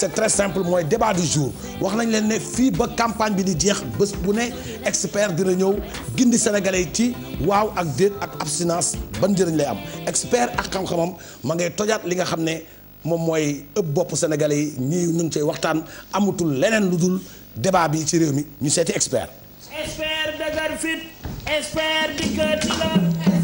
c'est très simple mooy débat du jour wax nañ leen ne fii ba campagne bi di jeex bés bu ne expert dina ñëw gindi sénégalais yi ci waaw ak déet ak abstinence ban njëriñ lay am expert ak xam-xamam ma ngay tojaat li nga xam ne moom mooy ëpp bopp sénégalais yi ñii ñu ngi cay waxtaan amatul leneen lu dul débat bi ci réew mi ñu seeti expert. expert dëgër fit expert dikër dikër.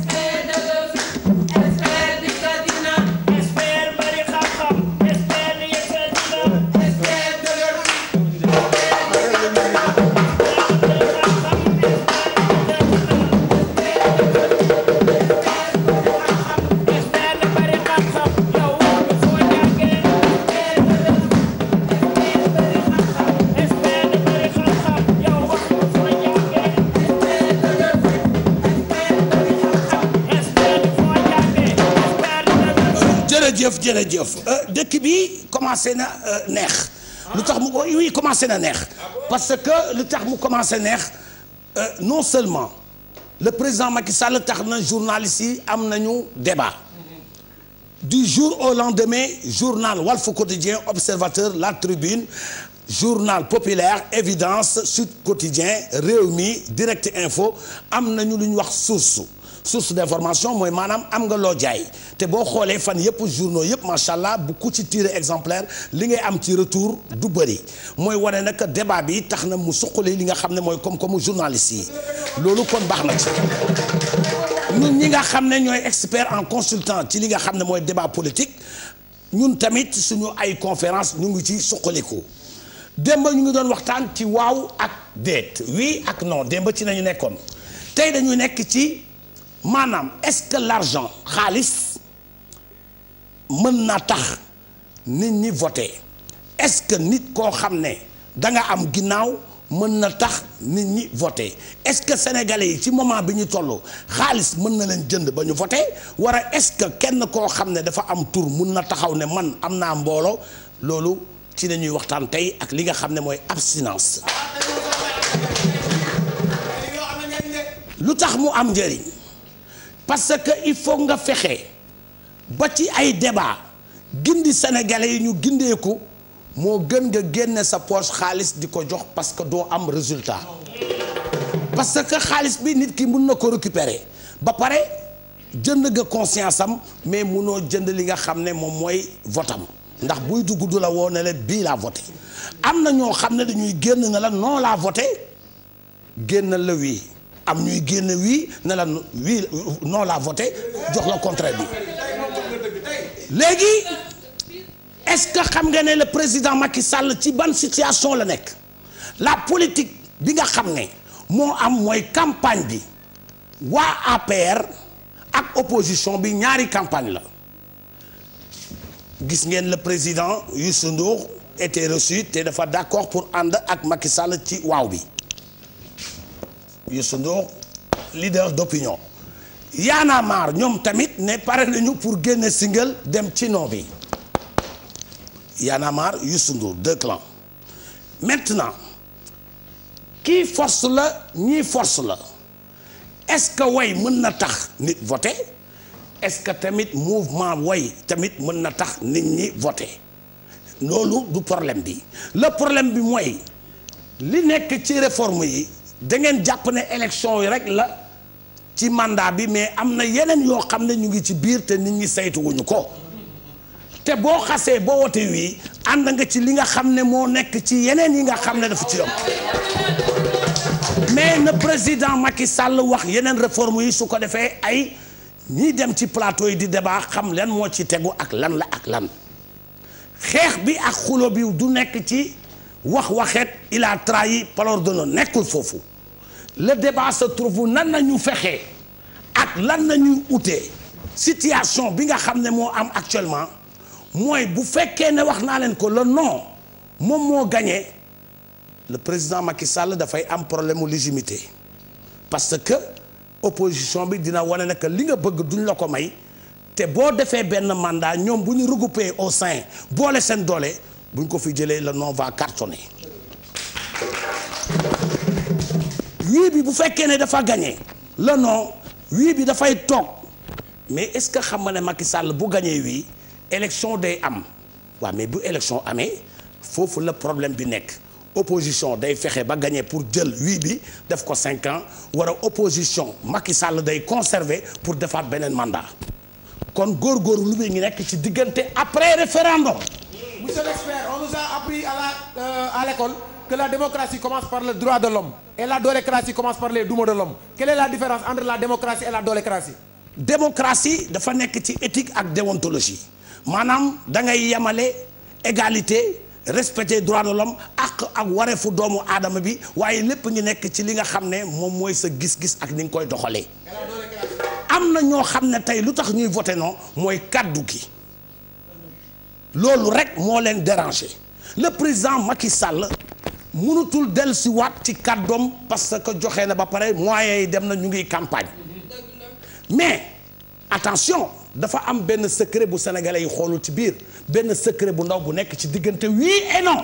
jërëjëf jërëjëf euh, dëkk bi commencé na euh, neex lu tax mu oui commencé na neex parce que lu tax mu commencé neex euh, non seulement le président Macky Sall tax na journaliste am na nañu débat du jour au lendemain journal Walf Quotidien Observateur La Tribune journal populaire Évidence Sud Quotidien Rewmi Direct Info am nañu lu ñu wax source source d'information mooy maanaam am nga loo jaay te boo xoolee fan yëpp journaux yëpp macha allah bu ku ci tiré exemplaire li ngay am ci retour du bëri mooy wane nag débat bi tax na mu suqali li nga xam ne mooy comme koomu journaliste yi loolu kon baax na ci ñun ñi nga xam ne ñooy expert en consultant ci li nga xam ne mooy débat politique ñun tamit suñu ay conférence ñu ngi ci ko démb ñu ngi doon waxtaan ci waaw ak déet oui ak non démb ci nañu nekkoon tey nekk ci maanaam est-ce que l'argent xaalis mën na tax nit ñi voter est-ce que nit koo xam ne da nga am ginnaaw mën na tax nit ñi voter est-ce que sénégalais yi ci moment bi ñu toll xaalis mën na leen jënd ba ñu voter wala est-ce que kenn koo xam ne dafa am tur mun na taxaw ne man am naa mbooloo loolu ci la ñuy waxtaan tey ak li nga xam ne mooy abstinence lu tax mu am njëriñ parce que il faut nga fexe ba ci ay débat gindi sénégalais yi ñu gindeeku moo gën nga génne sa poche xaalis di ko jox parce que doo am résultat parce que xaalis bi nit ki mun na ko récupérer ba pare jënd nga conscience am mais munoo jënd li nga xam ne moom mooy am ndax buy dugg du la woo ne la bii laa voté am na ñoo xam ne dañuy génn na la non laa voté génn la wii am ñuy génn wii ne la wii non la voté jox la contraire bi léegi est-ce que xam nga ne le président Macky Sall ci ban situation la nekk la politique bi nga xam ne moo am mooy campagne bi waa APR ak opposition bi ñaari campagne la gis ngeen la président Youssou Ndour était reçu te dafa d'accord pour ànd ak Macky Sall ci waaw bi Youssou Ndour leader d'opinion ñoom tamit ne pare nañu pour génne singal dem ci nom bi Y'en a marre Youssou Ndour deux clans maintenant kii force la ñii force la est-ce que way mën na tax nit voté est-ce que tamit mouvement way tamit mën na tax nit ñi voté loolu du problème bi le problème bi mooy li nekk ci réforme yi dangeen jàpp ne élection yi rek la ci mandat bi mais am na yeneen yoo xam ne ñu ngi ci biir te nit ñi saytuwuñu ko te boo xasee boo wote wii ànd nga ci li nga xam ne moo nekk ci yeneen yi nga xam ne dafa ci yoon mais na président Macky sàll wax yeneen réforme yi su ko defee ay ñiy dem ci plateau yi di débat xam leen moo ci tegu ak lan la ak lan xeex bi ak xulo bi du nekk ci wax waxeet il a trahi palor de non nekkul foofu le débat se trouve nan nañu fexee ak lan nañuy utee situation bi nga xam ne moo am actuellement mooy bu fekkee ne wax naa leen ko la non moom moo gagné le président Macky Sall dafay am problème mu légitimité parce que opposition bi dina wane ne li nga bëgg duñ la ko may te boo defee benn mandat ñoom bu ñu regroupé au sein boole seen doole bu ñu ko fi jëlee le nom va cartonner wii bi bu fekkee ne dafa gañe la non wii bi dafay toog mais est-ce que xam nga ne Macky Sall bu gagné wii élection day am waa mais bu élection amee foofu la problème bi nekk opposition day fexe ba gagné pour jël wii bi def ko cinq ans war a opposition Macky day conserver pour defaat beneen mandat kon góorgóorlu bi ngi nekk ci diggante après référendum monsieur l'expert on nous a appris à la euh, commence par le droit de l'homme et la dolécratie commence par les duma de l'homme quelle est la différence entre la démocratie et la dolécratie dafa nekk ci éthique ak déontologie maanaam dangay ngay yemale égalité respecter droit de l'homme ak ak wareefu doomu aadama bi waaye lépp ngi nekk ci li nga xam ne moom mooy sa gis-gis ak ni nga koy doxalee am na ñoo xam ne tey lu tax ñuy voté noo mooy kàddu gi loolu rek moo leen déranger le président Macky Sall mënutul dellusiwaat ci kàddoom parce que joxe na ba pare moyens yi dem na ñu ngi campagne mais attention dafa am benn secret bu sénégalais yi xoolul ci biir benn secret bu ndaw bu nekk ci diggante wii et non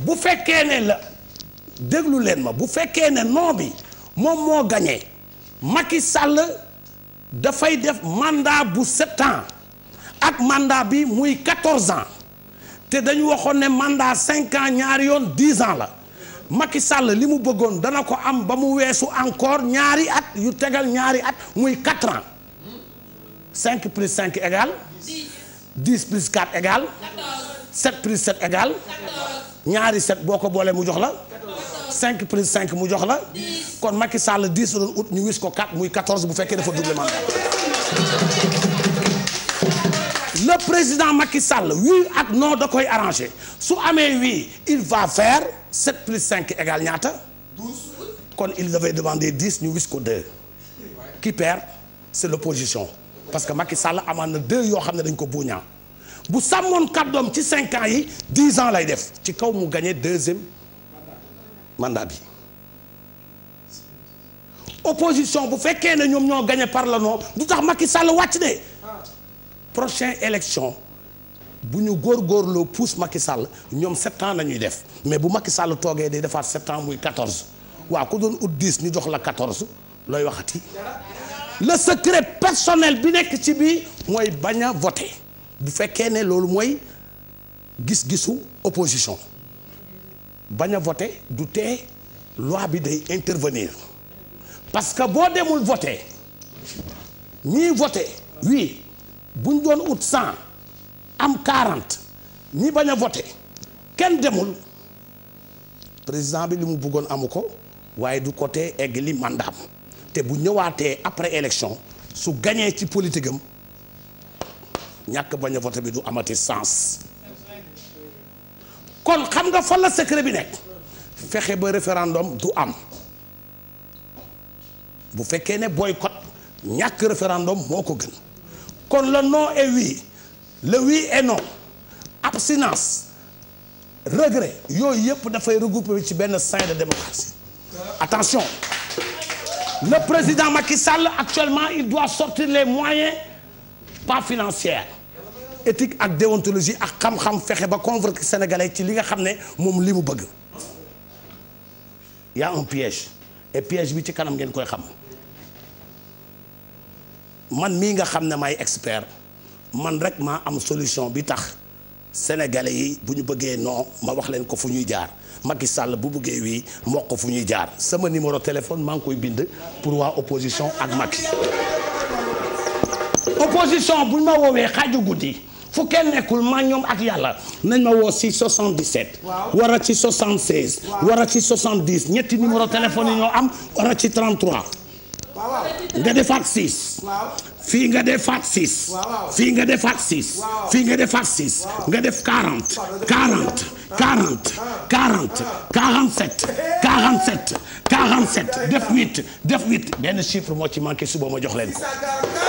bu fekkee ne la déglu leen ma bu fekkee ne non bi moom moo gañee Macky Sall dafay def mandat bu sept ans. ak mandat bi muy 14 ans te dañu waxoon ne mandat 5 ans ñaari yoon 10 ans la Macky sàll li mu bëggoon dana ko am ba mu weesu encore ñaari at yu tegal ñaari at muy 4 ans 5 plus 5 égale 10 plus 4 égale 7 plus 7 égale ñaari 7 boo ko boolee mu jox la 5 plus 5 mu jox la kon Macky Sall 10 doon ut ñu wis ko 4 muy 14 bu fekkee dafa double mandat le président Macky Sall oui ak non da koy arrangé su amee oui il va faire 7 plus cinq égale ñaata. kon il devait demander dix ñu wis ko 2. qui perd c'est l'opposition parce que Macky Sall amaan na 2 yoo xam ne dañ ko buñaa bu sàmmoon kàddoom ci 5 ans yi 10 ans lay def ci kaw mu gagné deuxième mandat bi. opposition bu fekkee ne ñoom ñoo gagné par le du tax Macky Sall wàcc de. prochaine élection bu ñu góor góorgóorloo pousse Macky Sall ñoom sept ans la ñuy def mais bu Macky Sall toogee day defaat sept ans muy quatorze ku doon ut dix ñu jox la quatorze looy waxati le secret personnel bi nekk ci bii mooy bañ a voter bu fekkee ne loolu mooy gis-gisu opposition bañ a voter du tee loi bi day intervenir parce que boo demul voter ñii voter oui bu ñu doon ut cent am quarante ñi bañ a voté kenn demul président bi li mu buggoon amu ko waaye du côté egg li mandaam te bu ñëwaatee après élection su gañee ci politique am ñàkk bañ a voté bi du amati sens kon xam nga fan la secret bi nekk fexe ba référendum du am bu fekkee ne boycott ñàkk référendum moo ko gën kon le non est oui le oui est non abstinence regret yooyu yëpp dafay regrouper ci benn sein de démocratie attention le président Macky Sall actuellement il doit sortir les moyens pas financiers éthique ak déontologie ak xam-xam fexe ba convaincre sénégalais ci li nga xam ne moom li mu bëgg y a un piège et piège bi ci kanam ngeen koy xam man mii nga xam ne maay expert man rek maa am solution bi tax sénégalais yi bu ñu bëggee noo ma wax leen ko fu ñuy jaar Macky Sall bu bëggee wii moo ko fu ñuy jaar sama numéro téléphone maa ngi koy bind pour waa opposition ak Macky opposition bu ñu ma woowee xaaju guddi fu kenn nekkul maa ñoom ak yàlla nañ ma woo si 77. waaw wara ci 76. waaw wara ci 70 ñetti numéro téléphone yi ñoo am wara ci 33. nga defaat six. fii nga defaat six. fii nga defaat six. fii nga defaat six nga def quarante quarante quarante quarante quarante sept quarante sept quarante sept def huit def huit benn chiffre moo ci manqué suba ma jox leen ko.